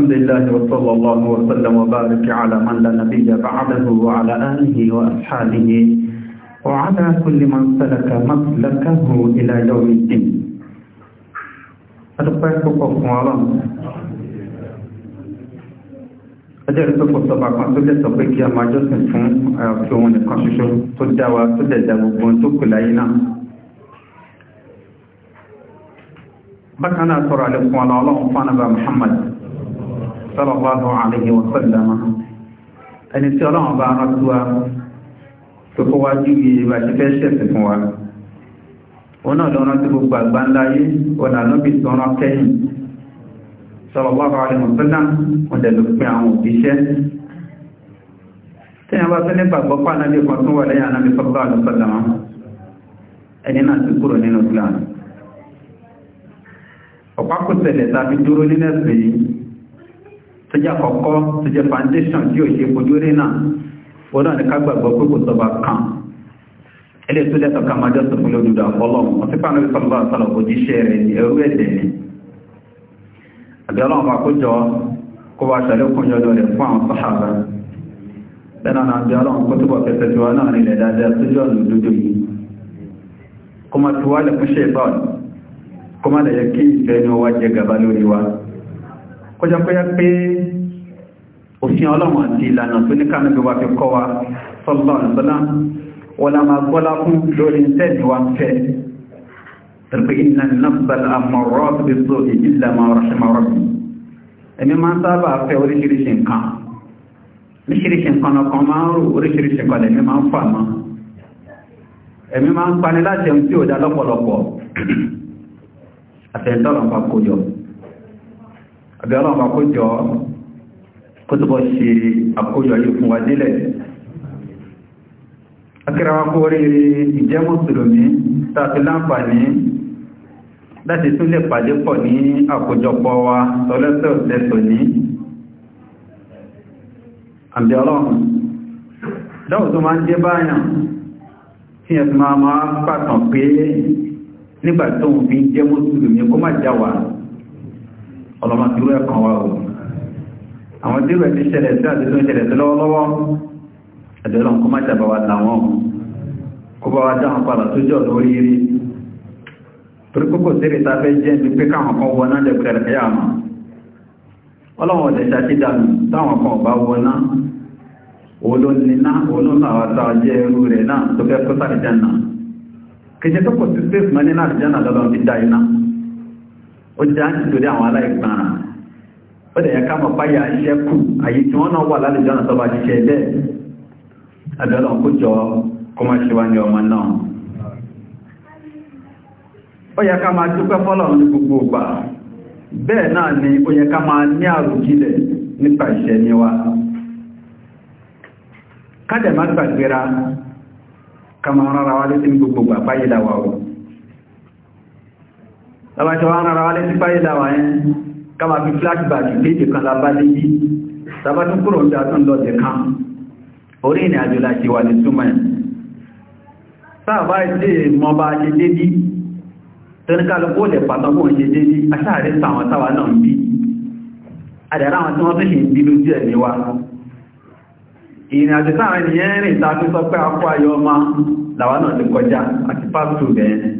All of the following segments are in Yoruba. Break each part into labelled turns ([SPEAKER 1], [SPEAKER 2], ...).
[SPEAKER 1] الحمد لله وصلى الله وسلم وبارك على من لا نبي بعده وعلى اله واصحابه وعلى كل من سلك مسلكه الى يوم الدين. بكنا ترى لقوانا الله محمد sallallahu alaihi wa sallam ẹni tí ọlọ́run bá rán sí wa tó kó wá ju iye bá ti fẹ́ ṣẹ̀sìn fún wa òun náà lọ́rán sí gbogbo àgbá ńlá yé ọ̀nà lóbi tó rán kẹ́yìn sallallahu alaihi wa sallam wọ́n dẹ̀ ló pin àwọn òbíṣẹ́ tí a bá tó ní gbàgbọ́ pàánà lè kan tó wà lẹ́yìn anábi sallallahu alaihi wa sallam ẹni náà ti kúrò nínú ìlànà ọ̀pá kò tẹ̀lẹ̀ tàbí dúró nínú ẹ̀sìn yìí tó jẹ́ àkọ́kọ́ tó jẹ́ foundation tí ó ṣe fojú rí náà wọ́n náà ní ká gbàgbọ́ pé kò sọba kan ilé tó lẹ́tọ̀ ká máa jọ́sọ̀ fún lódúdà ọlọ́run wọ́n ti pàánù ìsọ̀lọ́bà sọ̀rọ̀ òjíṣẹ́ rẹ̀ ní ẹrú ẹ̀dẹ̀ ni àbí ọlọ́run bá kó jọ kó wá ṣàlékún yọdọ̀ rẹ̀ fún àwọn sàhábà lẹ́nà náà bí ọlọ́run kó túbọ̀ fẹsẹ̀ tí wọ́n náà nílẹ̀ dáadáa tó jọ́ ọ̀nà òdodo yìí kó máa ti wa kọjá kọjá pé òfin ọlọ́run àti ìlànà tó ní kánàbí wa fi kọ́ wa sọ́lọ́ ìsọ́lá wọ́n la máa gbọ́lá fún lórí tẹ́ẹ̀dì wa fẹ́ tẹ̀lé iná nafsal amọ̀rọ̀ bí so ìjìlá máa rọ̀ṣẹ́mọ̀rọ̀ bí ẹ̀mí máa sábà fẹ́ oríṣiríṣi nǹkan oríṣiríṣi nǹkan ọkàn máa ń rò oríṣiríṣi nǹkan àbíọ́lọ́ ọmọ àkójọ kó tó bọ́ ṣe àkójọ yìí fún wa délẹ̀ akẹ́rẹ́wà kó rí ìjẹ́ mùsùlùmí tàbí láǹfààní láti tún lè pàdé pọ̀ ní àkójọpọ̀ wa tọ́lẹ́sẹ̀ ọ̀sẹ̀ tòní àbíọ́lọ́ dáwọ̀ tó ọlọ́mọ ti rú ẹ̀kan wa o àwọn tí rẹ̀ ti ṣẹlẹ̀ sí àti tó ń ṣẹlẹ̀ sí lọ́wọ́lọ́wọ́ ẹ̀dẹ̀lọ́n kó má ṣàbà wa làwọn kó bá wa dáhùn padà tó jọ lórí rí torí kókò sí ìrìta fẹ́ jẹ́ ní pé káwọn kan wọná lẹ́gbẹ̀rẹ̀ ẹ̀yà mọ́ ọlọ́wọ́n ọ̀dẹ̀ ṣàṣídàmì táwọn kan bá wọná olóníná olónàwàtà ó já ń tìtorí àwọn aláìgbọràn ó dẹ̀ yẹ ká mọ̀ páyà iṣẹ́ kù àyè tí wọ́n náà wà lálejò náà tọ́ba ṣiṣẹ́ bẹ́ẹ̀ abẹ́lọ́ kó jọ kó má ṣe wá ní ọmọ náà ó yẹ ká máa dúpẹ́ ní gbogbo bẹ́ẹ̀ náà ni ó yẹ ká máa ní àròjinlẹ̀ nípa ìṣẹ́ ní wa ká dẹ̀ má gbàgbéra ká máa rárá wa létí ní gbogbo báyìí tàbá ṣe wọ́n rárá lẹ́sí fáyé dáwà yẹn káwà fi flashback léde kan lábá léyí tàbá tún kúrò ní àtún lọ́dẹ̀ kan orí ìrìn àjò láti wà ní súnmọ́ ẹ̀ sáàbá ìdí mọba ṣe dédí tẹnikálùkù lè pàtàkùn ṣe dédí aṣáàrí sàwọn táwà náà ń bí àdàrà àwọn tí wọ́n tún ṣe ń bí lójú ẹ̀mí wa ìrìn àjò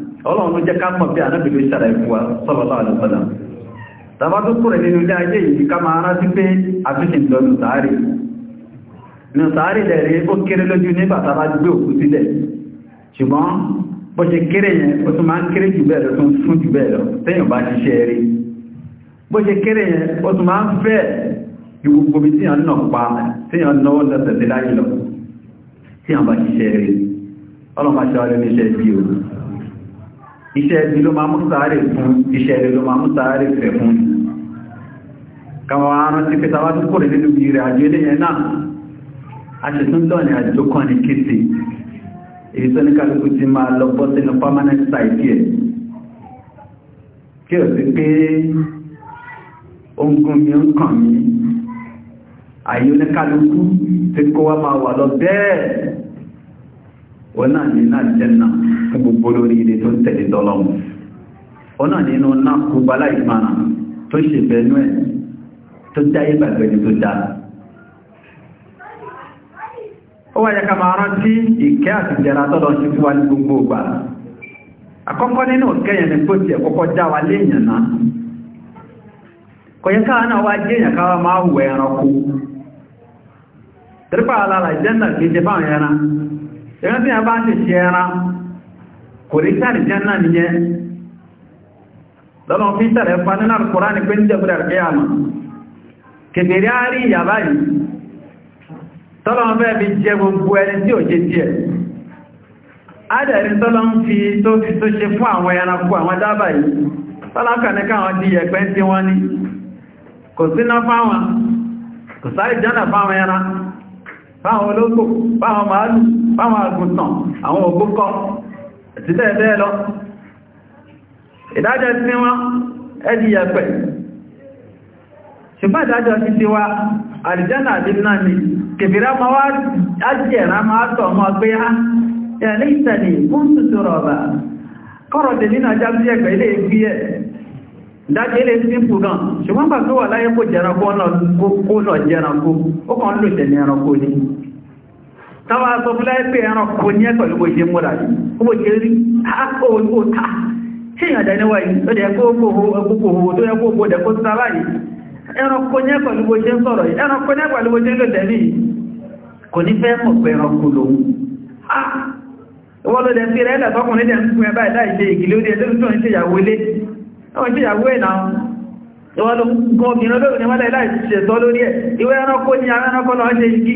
[SPEAKER 1] ọlọ́run ló jẹ́ ká mọ̀ bí anábìlú ìṣàrà ìfúwa sọ́lọ́lọ́ àdìsọ́lá tàbátó kúrẹ̀ nínú ilé ayé yìí ká máa rántí pé àtúnṣe ń lọ́nu sàárì nù sàárì lẹ̀rẹ̀ ó kéré lójú nígbà tàbá gbé òkú sílẹ̀ ṣùgbọ́n bó ṣe kéré yẹn ó tún máa ń kéré jù bẹ́ẹ̀ lọ tún fún jù bẹ́ẹ̀ lọ téèyàn bá ṣiṣẹ́ rí bó ṣe kéré yẹn ó tún máa ń fẹ́ ju gbogbo bí tíyàn náà pa tíyàn náwó lọ́sẹ̀ sí láyé lọ tíyàn bá ṣiṣẹ́ rí iṣẹ́ ibi ló máa mú sàárè fún iṣẹ́ ibi ló máa mú sàárè fẹ́ fún kama wa rán sí pẹ́ta wá tó kò rẹ̀ nínú ìrẹ̀ àjò eléyẹn náà a ṣe tún lọ ní àjò kan ní kéte èyí tó ní kálukú ti máa lọ bọ́ sínú permanent site ẹ̀ fún gbogbo lórí ilé tó ń tẹ̀lé tọ́lọ́mù ọ̀nà nínú náà kú bala ìmànà tó ṣe bẹ̀ẹ́nú ẹ̀ tó dáyé bàgbẹ̀ni tó dá ó wà yẹ ká rántí ìkẹ́ àti jẹra tọ́lọ́ sí fún wa ní gbogbo ìgbà àkọ́kọ́ nínú kẹ́yẹ̀ ní kó tiẹ̀ kọ́kọ́ dá wa léèyàn náà kọ̀yẹ́ káà náà wá jẹ́yàn káà máa wù tẹ́lẹ́pàá alára ìjẹ́ náà kìí ṣe ẹran ẹran tí a bá ń ṣe ṣe ẹran kò rí sáàrì jẹ́nà nìyẹn lọ́nà fi tẹ̀rẹ fa nínú àkùrá ní pé ń jẹ́gbẹ̀rẹ̀ ẹ̀kẹ́ àmà kèfèrè á rí ìyàbá yìí tọ́lọ́n fẹ́ fi jẹ gbogbo ẹni tí ò jẹ díẹ̀ ádẹ̀rin tọ́lọ́n fi tó fi tó ṣe fún àwọn ẹranko àwọn dábà yìí ti bẹ́ẹ̀ bẹ́ẹ̀ lọ ìdájọ́ tí wọ́n ẹ̀dì yẹ̀pẹ̀ ṣùgbọ́n ìdájọ́ ti ti wá àti náà ni kèbìrá ma wá ájẹ̀rá ma tọ̀ mọ́ pé á ẹ̀lẹ́ ìtẹ̀lẹ̀ fún tuntun rọ̀bà kọ́rọ̀ tèmi náà já ẹgbẹ̀ ilé ìgbí táwọn aṣọ fúláyé pé ẹran kò ní ẹ̀tọ̀ ló bóṣe múra yìí ó bóṣe rí àpò òta tí èèyàn dẹ̀ níwá yìí ó dẹ̀ kó gbogbo tó yẹ gbogbo dẹ̀ kó sára yìí ẹran kò ní ẹ̀tọ̀ ló bóṣe ń sọ̀rọ̀ yìí ẹran kò ní ẹ̀tọ̀ ló bóṣe ń lò tẹ̀lé yìí kò ní fẹ́ mọ̀ pé ẹran kò lòun wọ́n ló dẹ̀ fi rẹ̀ ẹ̀lẹ̀ tọkùnrin dẹ̀ ń fún ẹbá ìdá ìṣe ìgìlẹ̀ ó dẹ̀ tó ń tó ń ṣe ìyàwó ilé wọ́n ṣe ìyàwó ẹ̀nà ìwọ́n ló gọ́ obìnrin olóòrùn ní wọ́n láìláì ṣètọ́ lórí ẹ̀ ìwé ẹranko ní aránakọ́ lọ ṣe igi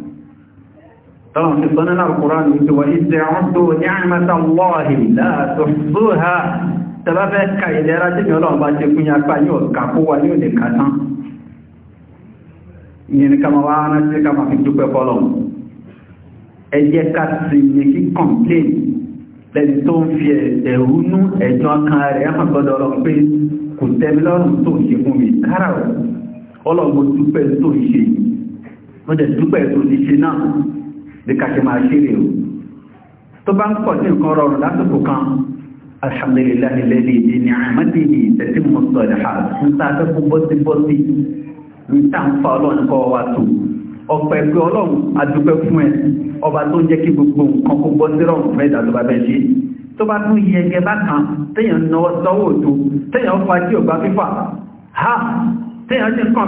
[SPEAKER 1] طبعا في صننا القرآن يقول وإذ يعدوا نعمة الله لا تحصوها سبب كايدرا تبي الله ما تكون يكفي كفوا يود كاتان yẹn kama wá rántí kama fi dúpẹ́ fọ́lọ̀ ẹ jẹ́ ká sí ní kí kọ̀m̀plẹ̀n lẹ́ni tó ń fi ẹ̀rú nú ẹ̀jọ́ kan rẹ̀ ẹ̀mà gbọ́dọ̀ dúpẹ́ tó ṣe bí ká ṣe máa ṣe rè o tó bá ń pọ̀ sí nǹkan rọrùn lásìkò kan alhamdulillah alladhi bi ni'matihi tatimmu as-salihat ń ta fẹ́ fún bọ́sí bọ́sí ń ta ń fa ọlọ́run kọ́ wa tó ọ̀pẹ̀ pé ọlọ́run adúpẹ́ fún ẹ ọba tó ń jẹ́ kí gbogbo nǹkan kó bọ́ sí rọrùn fún ẹ̀dá tó bá bẹ́ẹ̀ ṣe tó bá tún yẹ ẹgẹ bá kan téèyàn náwó sọ́wọ́ òtó téèyàn fa tí ò fífà ha téèyàn ṣe ń kàn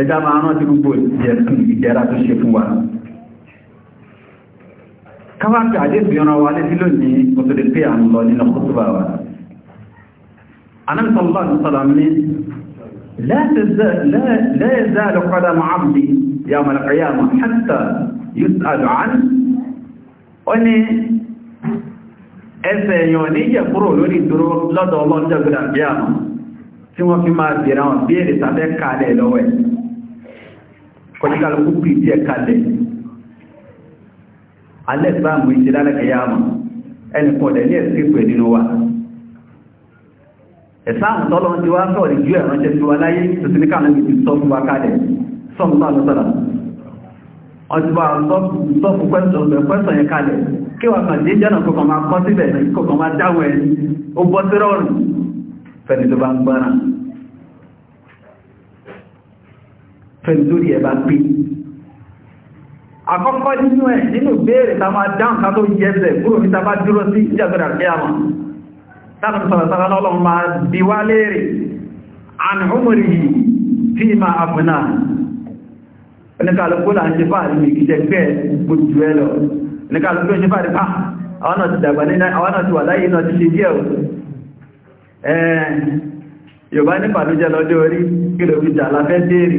[SPEAKER 1] ẹjá máa rántí gbogbo ìdẹ̀ra tó ṣe fún wa káwàkì àdébì ọ̀nà wa létí lónìí kò tó lè pé à ń lọ nínú kútùbà wa ẹsẹ̀ èèyàn ní yẹ̀ kúrò lórí ìdúró lọ́dọ̀ ọlọ́jọ́ gbọ́dà tí wọ́n fi máa bèèrè àwọn bèèrè tàbẹ́ kalẹ̀ lọ́wọ́ ẹ̀ kọjíkàlùkù pì tí ẹ kalẹ̀ alẹ́ ìsìláàmù ìṣẹ́ lálẹ́kẹ̀yàmù ẹni kan ọ̀dẹ̀ ní ẹ̀sìkẹ̀kẹ̀ nínú wa ẹ̀sìláàmù tọ́lọ́ ti wá sọ̀rọ̀ ju ẹ̀ránṣẹ́ sí wa láyé tó ti ní káàmù ti sọ fún wa kalẹ̀ sọ́mù bá lọ sọ́lá wọ́n ti bá sọ fún pẹ́sàn yẹn kalẹ̀ kí wà kàn dé jẹ́nà kọkàn máa kọ́ síbẹ̀ kọkàn máa fẹ̀lúrí ẹ̀bá pé àkọ́kọ́ nínú ẹ̀ nínú béèrè ta máa dáhùn ká tó yẹsẹ̀ kúrò ní tàbá dúró sí ìjàgbẹ̀rẹ̀ àkíyàmà tàbí sọ̀rọ̀sára lọ́lọ́ máa bí wá léèrè àmì ọmọrì yìí tí ma àfúnà oníkàlùkù là ń ṣe fàárí mi kìí jẹgbẹ́ gbogbo ẹ lọ oníkàlùkù ṣe fàárí pa ah, àwọn náà ti dàgbà ní àwọn náà ti wà láyé náà ti ṣe díẹ̀ Yorùbá ní pàdójẹ́ lọ́dẹ́ orí kí lò fi jà láfẹ́ déèrè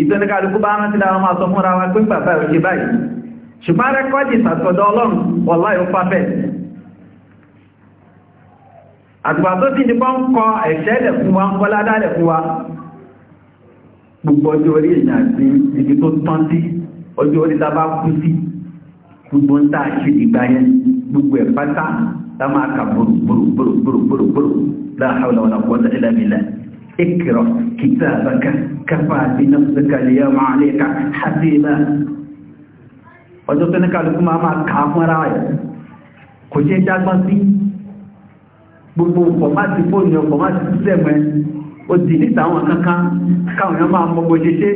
[SPEAKER 1] ìtẹ́nikàlùkú bá rántí láwọn máa sọ fúnra wa pé bàbá òṣè báyìí ṣùgbọ́n rẹ́kọ́dì ìsàtọ̀dọ̀ ọlọ́run wọ̀lá yóò fábẹ̀ àgbà tó ti nípa ń kọ ẹ̀ṣẹ́lẹ̀ fún wa ń kọ ládálẹ̀ fún wa gbogbo ọjọ́ orí èèyàn àti ibi tó tán sí ọjọ́ orí tá bá kú sí gbogbo ń tà ṣe ìgbà اقرأ كتابك كفى بنفسك اليوم عليك حسيبا ọjọ́ tó ní kàlùkù máa máa kà fúnra ẹ̀ kò ṣe dágbọ́n sí gbogbo fọ̀mátì fóònù fọ̀mátì sísẹ̀mù ẹ̀ ó dì níta àwọn kankan káwọn èèyàn máa mọ́ gbogbo ṣe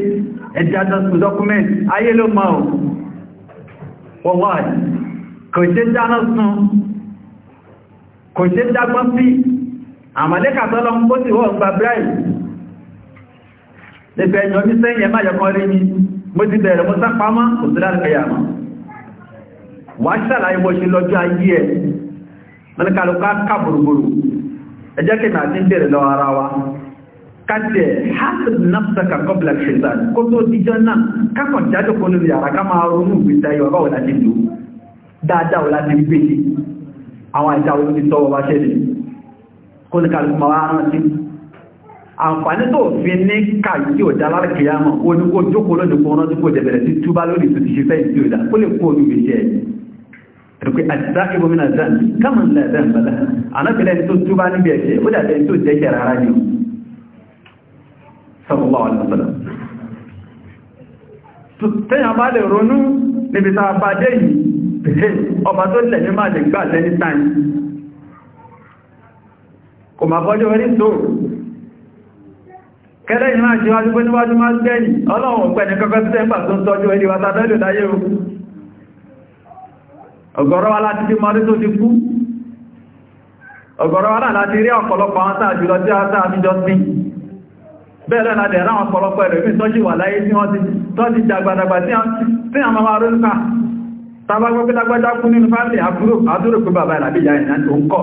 [SPEAKER 1] ẹjá dọ́sùn dọ́kúmẹ́ntì ayé ló mọ́ ọ̀ wọ́wọ́ kò ṣe dáná sun kò ṣe dágbọ́n sí àmàlẹ́kà tọ́lọ ń bó sì wọ́n gba brian lè fẹ́ ẹ̀yàn ní sẹ́yìn ẹ̀má yọkan rí ní mo ti bẹ̀rẹ̀ mo sápamọ́ kò sí láti kẹyà mọ́ wà ṣàlàyé bó ṣe lọ́jọ́ ayé ẹ̀ mẹ́lẹ́kàlùkà ká gbogbogbò ẹjẹ́ kí màá ti ń bèèrè lọ ara wa kájẹ̀ kó ní kàlùkùmọ̀ wá rántí àǹfàní tó fi ní kàyí òjá lárìkìyà mọ̀ ó ní kó jókòó lónìí kó rántí kó jẹ̀bẹ̀rẹ̀ sí túbá lórí tó ti ṣe fẹ́ ìdí òjá kó lè kó omi gbèjẹ́ ẹ̀rùkú àtìsá ìbominà zambi kámọ̀ ńlá zambala ànábìlẹ̀ tó túbá níbi ẹ̀ṣẹ̀ ó dàbẹ̀ tó jẹ́ṣẹ̀ rárá ni sallallahu alaihi wasallam tẹ́yàn bá lè ronú níbi tá a bá dé yìí ọba tó lẹ̀ ní má lè kò máa bọ́jọ́ orí tó kẹ́lẹ́ ìrìn àti wájú pé níwájú máa gbẹ̀yìn ọlọ́run pẹ̀lú kọ́kọ́ tí tẹ́m̀bà tó ń tọ́jú orí wata bẹ́lù láyé o ọ̀gọ̀rọ̀ wa láti fi mọ́rí tó ti kú ọ̀gọ̀rọ̀ wa láti rí ọ̀pọ̀lọpọ̀ àwọn tàà jùlọ tí a tàà fi jọ sí bẹ́ẹ̀lẹ́ láti ẹ̀rá àwọn ọ̀pọ̀lọpọ̀ ẹ̀rọ ìfẹ́ tọ́jú wà láyé tí wọ́n ti jàgbàdàgbà tí a máa rọ́lùkà tàbá gbọ́gbẹ́lágbájá kú nínú fáìlì àbúrò pé bàbá ìlàbíyà ìrìn àti òun kọ́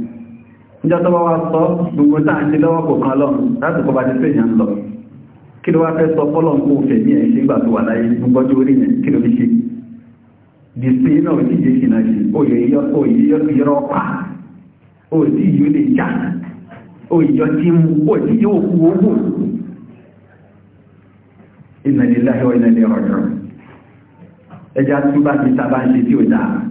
[SPEAKER 1] ìjọ tó bá wá sọ gbogbo táà ti lọ́wọ́ kò kan lọ láti kọ́ bá ti fèèyàn lọ kí ló wá fẹ́ sọ fọ́lọ̀ kó fẹ̀mí ẹ̀ ṣe ń gbà tó wà láyé gbọ́jú orí yẹn kí ló fi ṣe dìsí náà ò sì jẹ́ ṣìnà sí òye yọrọ pa ò sí yóò lè jà òyìnjọ tí mú ò sí yóò kú owó inna lillahi wa inna ilayhi raji'un ẹja túbá ti sábà ń ṣe tí ò dáa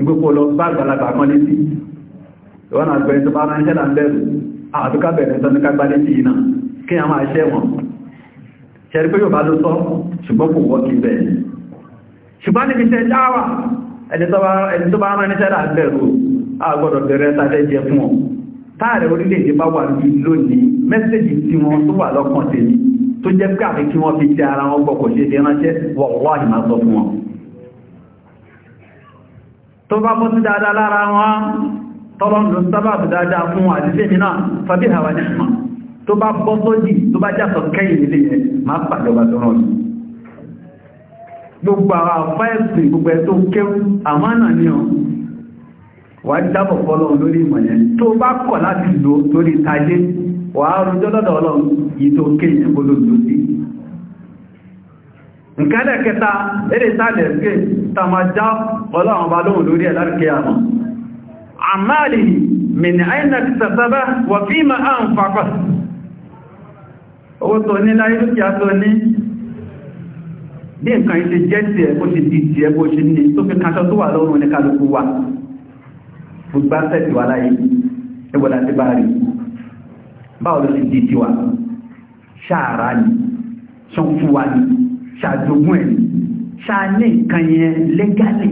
[SPEAKER 1] ìgbòkò lọ bá àgbàlagbà mọ́ létí ìwọ́n àgbẹ̀ tó bá rán iṣẹ́ là ń bẹ̀rù àtúkà bẹ̀rẹ̀ tó ní kágbá létí iná kí a máa ṣẹ́ wọn ṣẹ̀rí pé yóò bá ló sọ ṣùgbọ́n kò wọ́ kí bẹ̀rẹ̀ ṣùgbọ́n níbi iṣẹ́ dáwà ẹni tó bá rán iṣẹ́ là ń bẹ̀rù àgbọ̀dọ̀ bẹ̀rẹ̀ sáfẹ́ jẹ fún ọ táàrẹ orílẹ̀-èdè bá wà ní lónìí mẹ́sẹ̀jì tí wọ́n tó wà lọ́kàn tèmi tó jẹ́ pé àfi kí wọ́n fi tẹ ara wọn gbọ́kọ̀ tó bá kó sí dáadáa lára wọn tọ́lọ́n ló sábàbù dáadáa fún àdíṣẹ́ nínà fàbí àwọn àdíṣmà tó bá bọ́ sójì tó bá jásọ kẹ́yìn nílé yẹn máa pàjọba tó rán ní gbogbo àwọn àfáẹ́sì gbogbo ẹ̀ tó kéwú àmọ́ náà ní ọ wà nǹkan ẹ̀kẹta eré ìsáàlẹ̀ ẹ̀kẹ́ tàmà já ọlọ́run bá lóhun lórí ẹ̀lárìkẹ́ àmà àmáàlì mìnì àìnà tàbá wà fí ma á ń fàkọ́ owó tó ní láyé dúkìá tó ní bí nǹkan ìṣe jẹ́ ti ẹ̀ bó ṣe wa gbogbo sẹ́ẹ̀tì ni ṣọ́n ni ṣàjogún ẹ̀ ṣáàní nǹkan yẹn lẹ́gálì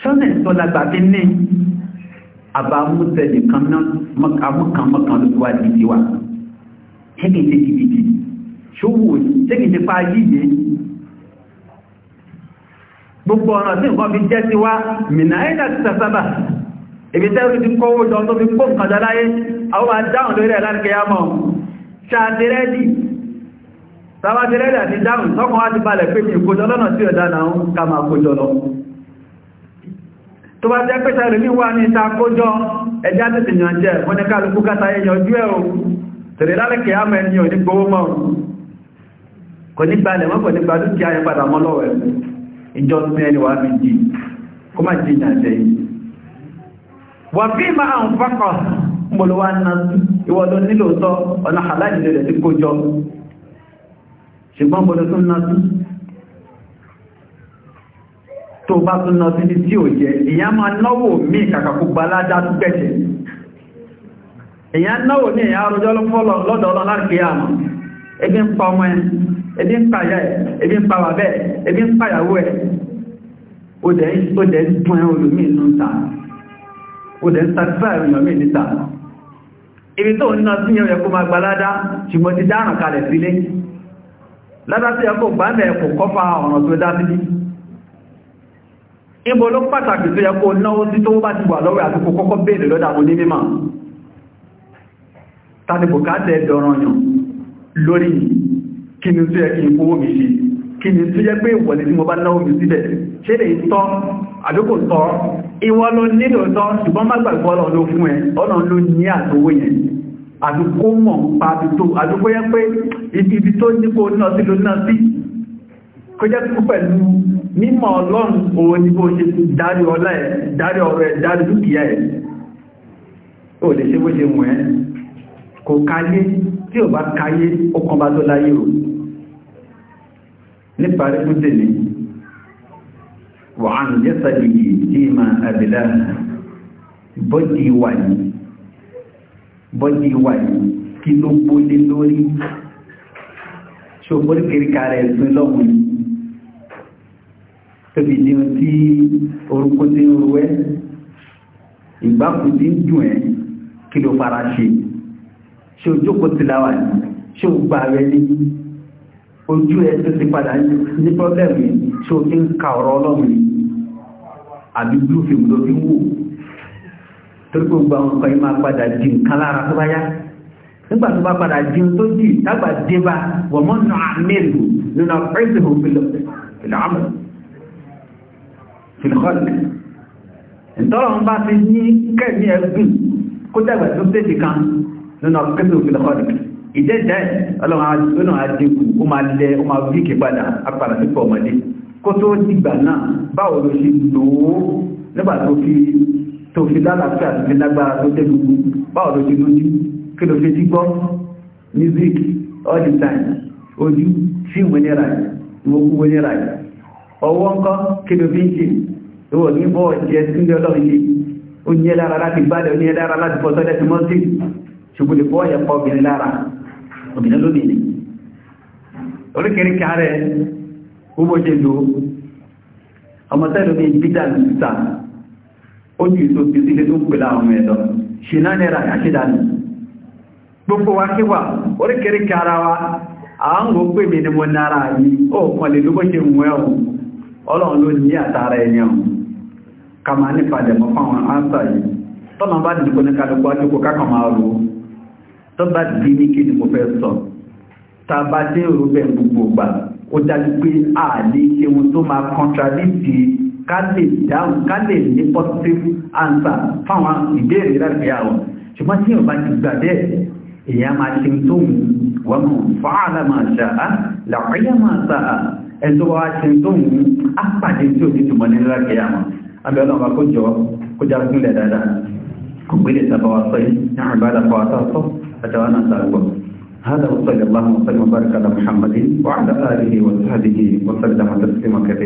[SPEAKER 1] ṣọ́nà ìtọ́lágbà fi ní àbámútẹ̀lẹ̀ kan náà mọ́kànmọ́kàn ló ti wá di tiwa ṣẹ́kìntì jìbìtì ṣòwò ṣẹ́kìntì pa yíyẹ gbogbo ọ̀nà tí nǹkan fi jẹ́ tiwa mìnà ẹ̀dà ti sàsábà ibi tẹ́rù ti kọ́wọ́ jọ tó fi kó nǹkan dáláyé àwọn àdáhùn lórí ẹ̀ láti kẹyàmọ̀ ṣáàdìrẹ́dì sáwájẹ́rẹ́ àti dáhùn tọ́kùn wá ti balẹ̀ pé kí kójọ lọ́nà tí ọ̀dá náà ń ká máa kójọ lọ tó bá jẹ́ pẹ́sẹ̀ rẹ̀ níwà ní ìta kójọ ẹjá tètè yàn jẹ́ wọ́n ní kálukú kátà yẹyànjú ẹ̀ o tèrè lálẹ́kẹ̀ àmọ́ ẹni ò ní gbówó mọ́ kò ní gbalẹ̀ mọ́ kò ṣùgbọ́n bọ́dọ̀ tó ná sí tó bá tó ná sí ní tí ò jẹ́ èyàn máa náwó mí kàkàkù gbaládá tó gbẹ̀ṣẹ̀ èyàn náwó ní èyàn arọjọ́ lọ́dọ̀ọ́lọ́ láti àmà ebi ń pa ọmọ ẹ ebi ń pa ìyá ẹ ebi ń pa bàbẹ́ ẹ ebi ń pa níta ibi tó ń ná sí ẹ̀yẹ kó máa gbaládá ṣùgbọ́n ti dáràn kalẹ̀ sílé látàtí ẹkùn gbáàmẹ̀ ẹkùn kọfà ọ̀nà tó dá sí ìbò ló pàtàkì tó yẹkùn náwó sí tó bá ti wà lọ́wẹ́ àti kò kọ́kọ́ bèèrè lọ́dà mú ní mímọ̀ tàbí bùkátẹ̀ ẹ̀dọ̀rọ̀yàn lórí kí ni tó yẹ kí n kówó mi ṣe kí ni tó yẹ pé ìwọ̀lé tí mo bá náwó mi síbẹ̀ ṣe lè tọ́ àdókò tọ́ ìwọ ló nílò tọ́ ṣùgbọ́n má gbàgbọ́ ọlọ́run ló fún ẹ ọlọ́run ló ní àtowó yẹn àdúkó mọ̀ pa àdúkó àdúkó yẹ́ pé ibi tó nípo náà sí ló náà sí kó jẹ́ tó pẹ̀lú mímọ̀ ọlọ́run òun ni bó ṣe dárí ọlá ẹ̀ dárí ọ̀rọ̀ ẹ̀ dárí dúkìá ẹ̀ ó lè ṣe bó ṣe mọ̀ ẹ́ kò káyé tí ò bá káyé ó kàn bá tó láyé o nípa rẹ̀ tó tèmi wàhánù jẹ́sàdìyí tí ma bọ́dí wà yìí kí ló gbólé lórí ṣògbórí kìríkà rẹ̀ ẹ̀sùn lọ́wọ́n tóbi ní ohun tí orúkú ti ń ru ẹ́ ìgbákùn ti ń dùn ẹ́ kí ló fara ṣe ṣe ojókòó ti láwà ní ṣe ò gbà rẹ ní ojú ẹ tó ti padà ní pọ́blẹ́mù ṣe òfin ka ọ̀rọ̀ ọlọ́run àbí blue ló fi ń wò torí gbogbo àwọn nǹkan yìí máa padà di nǹkan lára tó bá yá nígbà tó bá padà di ohun tó di tágbà dé bá wọ́n mọ́ nù àmẹ́lù nínú ọ̀pẹ́sì hù fìlàmù fìlìkọ́lì ìtọ́rọ̀ ń bá ti ní kẹ́ẹ̀mí ẹgbùn kó dàgbà tó tẹ́jì kan nínú ọ̀pẹ́sì hù ìdẹ́jẹ́ ọlọ́run tó fi lálàáfíà tó fi lágbára tó dé gbogbo báwo ló ti lójú kí ló fi ti gbọ́ music all the time ojú fíìmù nira yìí ìwòkúwò nira yìí ọwọ́ ńkọ́ kí ló fi ń ṣe ìwò ní bọ́ jẹ́ síndé ọlọ́run ṣe ó ní ẹlára láti gbádẹ ó ní ẹlára láti fọ́ sọ́dẹ̀ tí mọ́sí ṣùgbọ́n lè fọ́ ẹ̀yẹ̀ pọ̀ obìnrin lára obìnrin lónìí oríkèríkè ààrẹ gbogbo ṣe lò ọmọ tẹ́lómi bídà nìta ó ju ètò gbèsè ilé tó ń pè ṣe náà nẹ́ra gbogbo wa kí wà oríkèríkè ara wa à ń ni mo nára yìí ó kàn lè lóbó ṣe mú ẹ̀hùn ọlọ́run ló ní àtàrà ẹni ọ̀hún ká máa nípa fáwọn áńsà yìí tọ́nà bá dìbò ní kálukú àjòkó máa rò bá ní a bá dé òrùbẹ̀ gbogbo ká lè dáhùn ká lè ní positive answer fáwọn ìbéèrè láti àwọn ṣùgbọ́n tí yóò bá ti gbà bẹ́ẹ̀ èèyàn de ṣe tó wù wọ́n mọ̀ fáàlà máa ṣàá làkúyẹ́ máa ṣàá ẹ̀tọ́ wa ṣe tó wù á pàdé tí ò ní tùmọ̀ ní láti àwọn abẹ́ọ́nà ọba kó jọ kó já gúnlẹ̀ dáadáa kò gbélé sábà wa sọ yìí ní àrùn bá dàpọ̀ àtọ́ àtàwọn náà sàrùgbọ̀ هذا وصلى الله وسلم وبارك على محمد وعلى آله وصحبه وسلم تسليما كثيرا